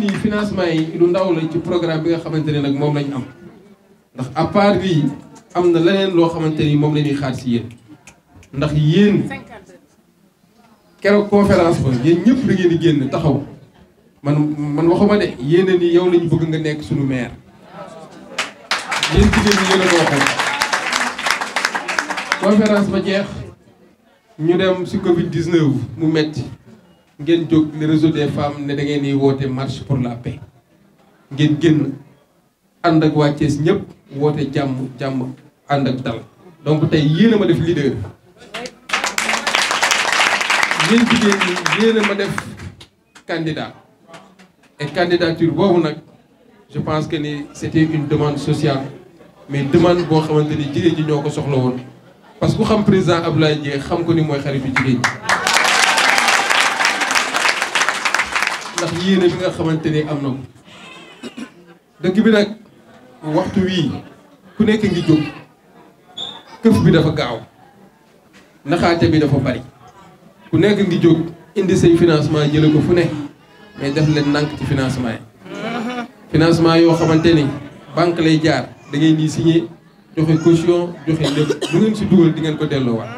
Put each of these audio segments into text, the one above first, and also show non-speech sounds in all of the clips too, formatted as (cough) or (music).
lii nii financement yi lu ndaw la ci programme bi nga xamante ne nag moom lañu am ndax à part lii am na leneen loo xamante ni moom la ñuy xaar si yéen ndax yéen keroog conférence ba yéen ñëpp da di génn taxaw man man waxuma de yéen a yow lañu bëgg nga nekk suñu maire yéen jigéen jeex ñu dem si Covid 19 mu metti ngeen jóg le réseau des femmes ne da ngeen di woote marche pour la paix ngeen génn ànd ak waa Thiès ñëpp woote jàmm jàmm ànd ak dal donc tey yéena ma def leader yéen jigéen ñi yéen ma def candidat et candidature boobu nag je pense que ni c'était une demande sociale mais demande boo xamante ni jigéen ñi ñoo ko soxla woon parce que ku xam président Abdoulaye Dieng xam ko ni mooy xaritu jigéen ñi ndax yéene bi nga xamante ni am na ko dëkk bi nag waxtu wii ku nekk ngi jóg këf bi dafa gaaw naxaate bi dafa bari ku nekk ngi jóg indi say financement jële ko fu ne mais def leen nank ci financement yi financement yoo xamante ni banque lay jaar dangay ngeen di signé joxe caution joxe lépp lu ngeen si dugal di ngeen ko delloowaat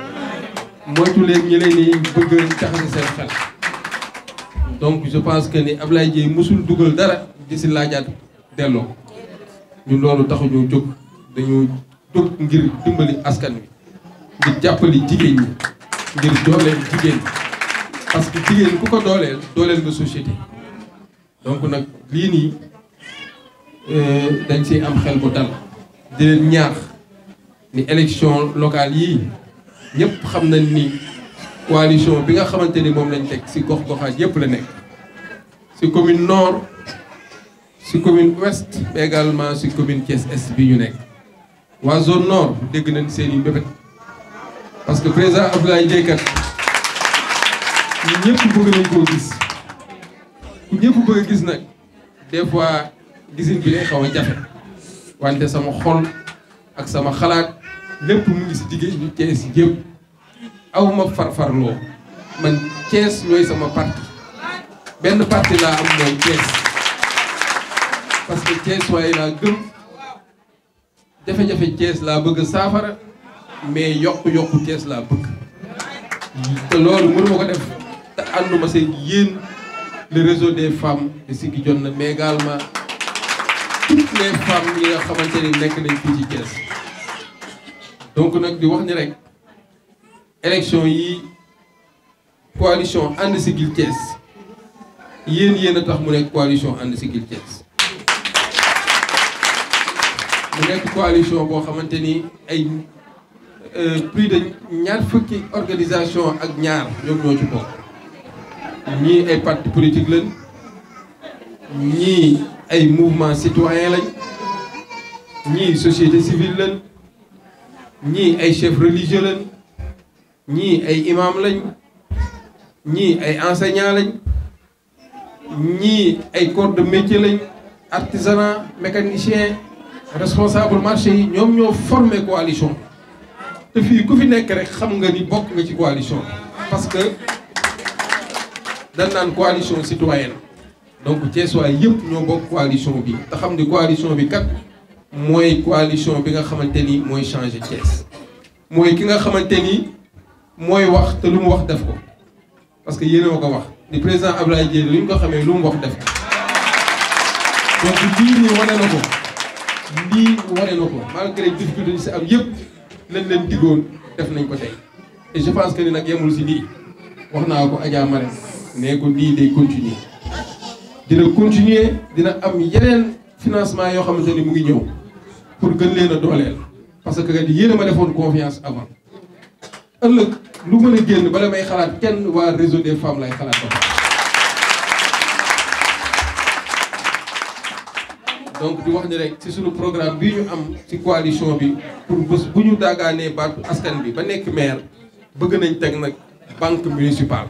moytu leen ñi leen ni bëgg taxase seen xel donc je pense que ni Ablaye Dieye mosul dugal dara di si laajaat delloo ñu loolu taxuñu jóg dañu jóg ngir dimbali askan wi ngir jàppali jigéen ñi ngir dooleel jigéen parce que jigéen ku ko dooleel dooleel nga société donc nag lii nii euh, dañ siy am xel bu dal di leen ñaax ni élection locale yi ñëpp xam nañ ni coalition bi nga xamante ni moom lañ teg ci gox goxaat yépp la nekk ci commune nord ci commune ouest mais également ci commune Thiès est bi ñu nekk waa zone nord dégg nañ seeni i parce que président Abdoulaye Dièye kat ñun ñëpp bëgg nañ koo gis ku ñëpp bëgg gis nag des fois gisin bi day xaw a jafe wante sama xol ak sama xalaat lépp mu ngi ci jigéen ñu Thiès yëpp awma farfarloo man Thiès ñooy sama parti benn parti laa am mooy Thiès parce que Thiès waaye laa gëm jafe-jafe Thiès laa bëgg saafara mais yokku-yokku Thiès laa bëgg te loolu mënu ko def te ànduma seen yéen le réseau des femmes de Ziguinchor mais également toutes les femmes yi nga xamante ni nekk nañ fii ci Thiès donc nag di wax ni rek élection yi coalition ànd Siggil Thiès yéen yéen a mu nekk coalition ànd Siggil Thiès mu nekk coalition boo xamante ni ay euh, plus de ñaar fukki organisation ak ñaar ñoom ñoo ci bokk ñii ay parti politique lañ ñii ay mouvement citoyen lañ ñii société civile lañ ñii ay chef religieux lañ ñii ay imam lañ ñii ay enseignant lañ ñii ay corps de métier lañ artisanat mécanicien responsable marché yi ñoom ñoo formé coalition te fii ku fi nekk rek xam nga ni bokk nga ci coalition parce que dañ naan coalition citoyenne donc Thiessois yëpp ñoo bokk coalition bi te xam ni coalition bi kat mooy coalition bi nga xamante ni mooy changé Thiès mooy ki nga xamante ni mooy wax te lu mu wax def ko parce que yéen a ko wax di président Abdoulaye Dièye li ñu ko xamee lu mu wax def ko donc na ko lii wane na malgré difficulté yi si am yëpp lañ leen diggoon def nañ ko tey et je pense ni nag yemul si lii wax naa ko Adja Mare ne ko lii day continuer dina continuer dina am yeneen financement yoo xamante ni mu ngi ñëw pour gën leen a dooleel parce que kat yéen a ma defoon confiance avant ëllëg lu mën a génn bala may xalaat kenn waa réseau des femmes lay xalaat ba donc di wax ni rek ci suñu programme bi ñu am ci coalition bi pour bés bu ñu daagaanee baatu askan bi ba nekk maire bëgg nañ teg nag banque municipale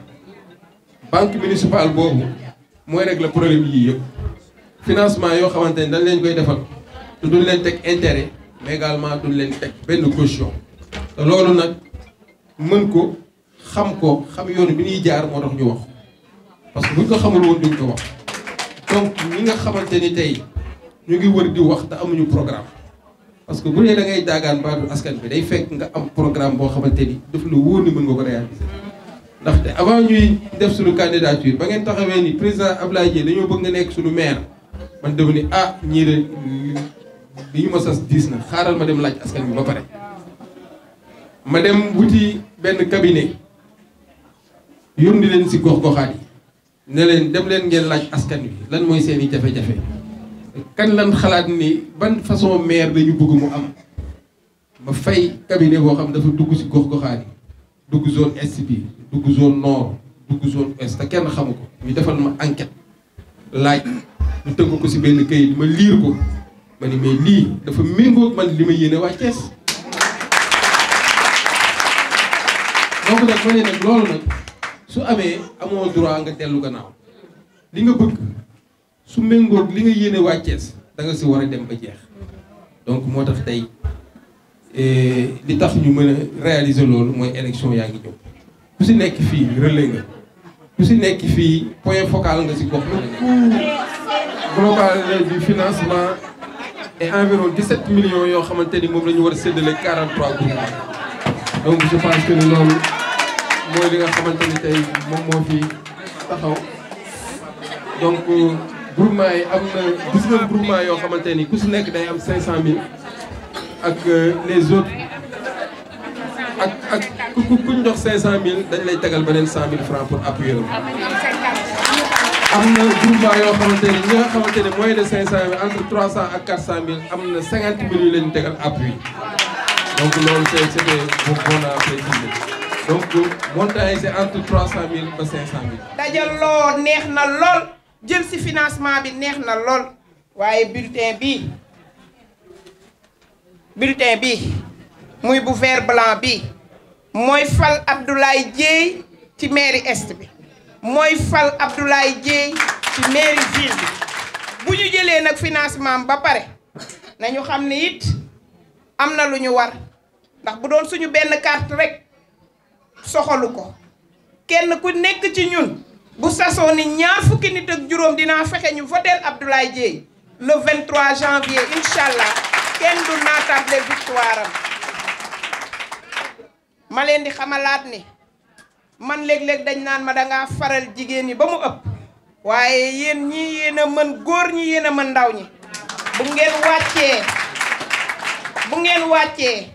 banque municipale boobu mooy rek régler problème yii yëpp financement yoo xamante ni dañ leen koy defal du duñ leen teg intérêt mais également leen teg benn caution te loolu nag mën ko xam ko xam yoon bi ñuy jaar moo tax ñu wax parce que buñ ko xamul woon duñ ko wax donc ñi nga xamante ni tey ñu ngi wër di wax te amuñu programme parce que bu dee da ngay daagaan baatu askan bi day fekk nga am programme boo xamante ni daf lu wóor ni mën nga ko réaliser ndaxte avant ñuy def suñu candidature ba ngeen taxawee ni président Ablaye Dieng dañoo bëgg nga nekk suñu maire man dama ni ah ñii de li ñu ma sas diis na xaaral ma dem laaj askan bi ba pare ma dem wuti benn kabine yónni leen si gox-goxaat yi ne leen dem leen ngeen laaj askan wi lan mooy seen i jafe-jafe kan lan xalaat ni ban façon maire dañu bëgg mu am ma fay cabinet boo xam dafa dugg si gox-goxaat yi dugg zone est bi dugg zone noor dugg zone ouest kenn xamu ko ñu defal ma enquête laaj ñu tënk ko si benn kayit ma liir ko ma ne mais lii dafa méngóog man li ma yéene waa Thiès donc nag ma ne loolu nag su amee amoo droit nga dellu gannaaw li nga bëgg su méngoog li nga yéene wàccees Thiès da nga si war a dem ba jeex donc moo tax tey eh, li tax ñu mën a réaliser loolu mooy élection yaa ngi ñëw ku si nekk fii relais nga ku si nekk fii point focal nga si gox la global du financement et environ 17 millions yoo xamante ni moom la ñu war a séddale 43 groupements donc je pense que loolu mooy li nga xamante ni tey moom moo fi taxaw donc euh, groupement yi am na 19 groupement yoo xamante ni ku si nekk day am 500000 ak euh, les autres ak ak ku ku ñu jox 500000 dañ lay tegal beneen 100000 francs pour appuyer la. am na groupement yoo xamante ni ñi nga xamante ni mooy de 500000 entre 300 ak 400000 am na 50000 yu leen tegal appui donc loolu c'est c'était bon à préciser. donc montant yi c'est entre trois cent mille ba dajaloo neex na lool jël ci financement bi neex na lool waaye bulletin bi bulletin bi muy bu vert blanc bi mooy fal Abdoulaye Dieye ci mairie est bi mooy fal Abdoulaye Dieye ci mairie ville bi bu ñu jëlee nag financement ba pare na nañu xam ne it am na lu ñu war ndax bu doon suñu benn carte rek. soxalu ko kenn ku nekk ci ñun bu sasoo ni ñaar fukki nit ak juróom dinaa fexe ñu voteel Abdoulaye Dieye le 23 janvier incha allah kenn du naatable victoire am ma leen di xamalaat ni man léeg-léeg dañ naan ma dangaa faral jigéen ñi ba mu ëpp waaye yéen ñi yéen a mën góor ñi yéen a mën ndaw ñi bu ngeen wàccee bu ngeen wàccee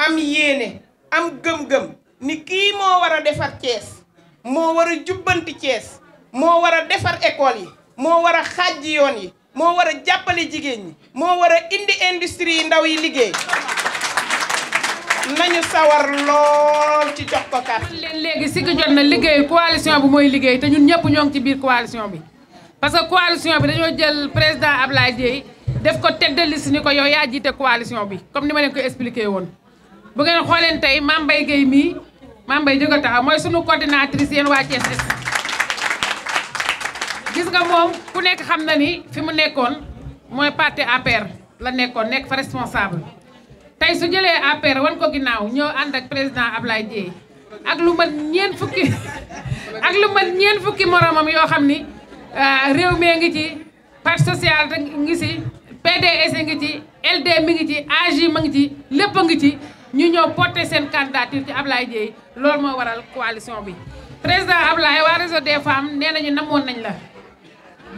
am yéene am gëm-gëm ni kii moo war a defar cees moo war a jubbanti cees moo war a defar école yi moo war a xàjj yoon yi moo war a jàppale jigéen ñi moo war a indi industrie yi ndaw yi liggéey nañu sawar lool ci jox ko kàtt. si ki na liggéey coalition bi mooy liggéey te ñun ñëpp ñoo ngi ci biir coalition bi parce que bi dañoo jël président Ablaye Dieye def ko tête de liste ni ko yow yaa jiite coalition bi comme ni ma leen ko expliqué woon bu xooleen tey Mame Mbaye mii. Mame Mbaye jógal taxaw mooy sunu coordinatrice yéen waa Thiès gis nga moom ku nekk xam na ni fi mu nekkoon mooy parti APR la nekkoon nekk fa responsable tey su jëlee APR wan ko ginaaw ñoo ànd président Ablaye Dieye ak lu mat ñeent (laughs) ak lu mat ñeent fukki moromam yoo xam ni euh, réew mi ngi ci parti social ngi ci PDS ngi ci LD mi ngi ci AJ ma ngi ci lépp a ngi ci ñu ñëw porté seen candidature ci Ablaye Dieye loolu moo waral coalition bi président Ablaye waa réseau des femmes nee nañu namoon nañ la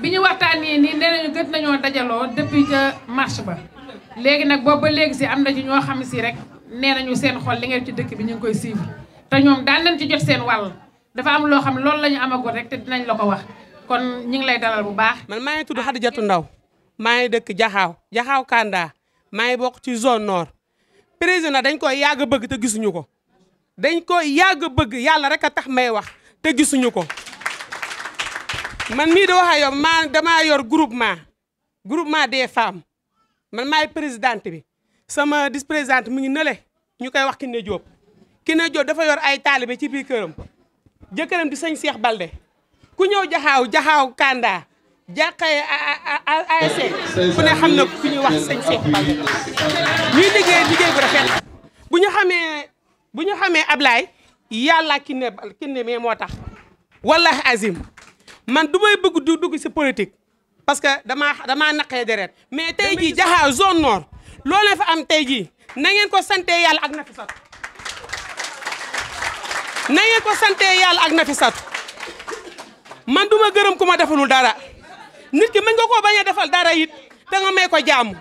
bi ñu waxtaanee nii nee nañu gët nañoo dajaloo depuis ca marche ba léegi nag boobu ba léegi si am na ci ñoo xam si rek nee nañu seen xol li ngeen ci dëkk bi ñu ngi koy suivre te ñoom daan nañ ci jot seen wàll dafa am loo xam loolu lañu ñu amagul rek te dinañ la ko wax kon ñu ngi lay dalal bu baax. man maa ngi tudd Xadijatu Ndaw maa ngi dëkk Jaxaaw Jaxaaw Kanda maa ngi bokk ci zone nord. président dañ koy yàgg bëgg te gisuñu ko dañ koy yàgg bëgg yàlla rek a tax may wax te gisuñu ko man mii di wax ak yow maa damaa yor groupement groupement des femmes man maay présidente bi sama vice présidente mu ngi nële ñu koy wax Kiné Diop Kiné Diop dafa yor ay taalibe ci biir këram jëkkëram di sëñ Cheikh Balde ku ñëw jaxaaw jaxaaw Kanda jàqay ASC e, ku ne xam na ku ñuy wax sëñ Cheikh Balde bu ñu xamee bu ñu xamee Ablaye yàlla ki ne moo tax wallahi azim man du may bëgg du dugg si politique parce que damaa damaa naqee deret mais tey jii jaxaa zone nord loole fa am tey jii na ngeen ko sante yàlla ak Nafisat na ngeen ko sante yàlla ak Nafisat man du ma gërëm ku ma defalul dara nit ki mën nga koo bañ a defal dara it da nga may ko jaamu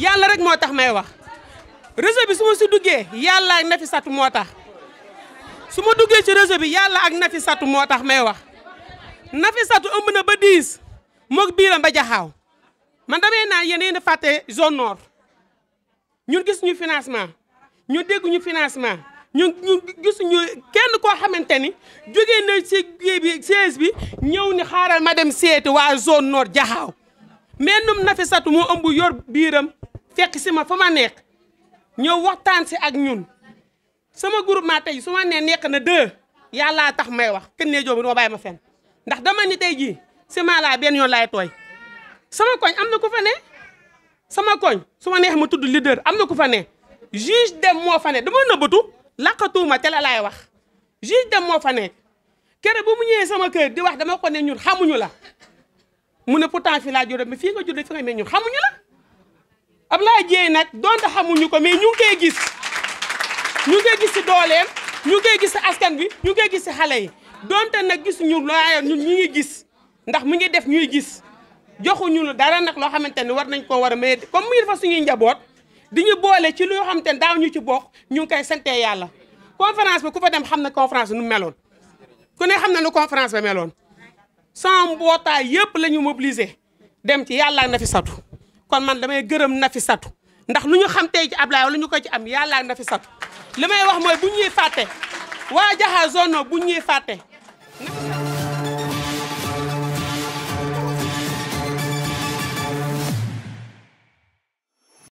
yàlla rek moo tax may wax réseau bi su si duggee yàlla ak Nafi Satu moo tax su ma duggee ci réseau bi yàlla ak Nafi Satu moo tax may wax Nafi Satu ëmb na ba diis moog biiram ba jaxaaw man damay naan yéen yéen a fàtte zone nord ñun gisuñu financement ñu dégguñu financement ñu ñu kenn koo xamante ni jógee na ci kii bi bi ñëw ni xaaral ma dem seeti waa zone nord jaxaaw mais num Nafi Satu moo ëmb yor biiram fekk si ma fa ma neex ñëw waxtaan si ak ñun sama groupement tey su ma nee nekk na deux yàllaa tax may wax kenn ne joobu doo bàyyi ma fen ndax dama ni tey jii si maa laa benn yoon laay tooy sama koñ am na ko fa ne sama koñ su ma neex ma tudd leader am na ko fa ne juge dem moo fa ne dama nëbbatu laqatuuma te la laay wax juge dem moo fa ne kere bu mu ñëwee sama kër di wax dama ko ne ñun xamuñu la mu ne pourtant fi laa juddoo mais fii nga juddoo fi nga mel ñun xamuñu la Ablaye Dièye nag donte xamuñu ko mais ñu ngi koy gis ñu ngi koy gis si dooleem ñu ngi koy gis si askan bi ñu ngi koy gis si xale yi donte nag gisuñu laayoon ñun ñu ngi gis ndax mu ngi def ñuy gis joxuñu lu dara nag loo xamante ne war nañ koo war a may comme muy dafa suñuy njaboot di ñu boole ci loo xamante ne daaw ñu ci bokk ñu ngi koy sante yàlla conférence bi ku fa dem xam ne conférence nu meloon ku ne xam na nu conférence ba meloon sans mbootaay yëpp la mobiliser dem ci yàlla na fi satu kon man damay gërëm satu ndax lu ñu xam tey ci Ablaye wala ñu ko ci am yàlla ak Nafisatu li may wax mooy bu ñuy fàtte waa Jaxaar Zono bu ñuy fàtte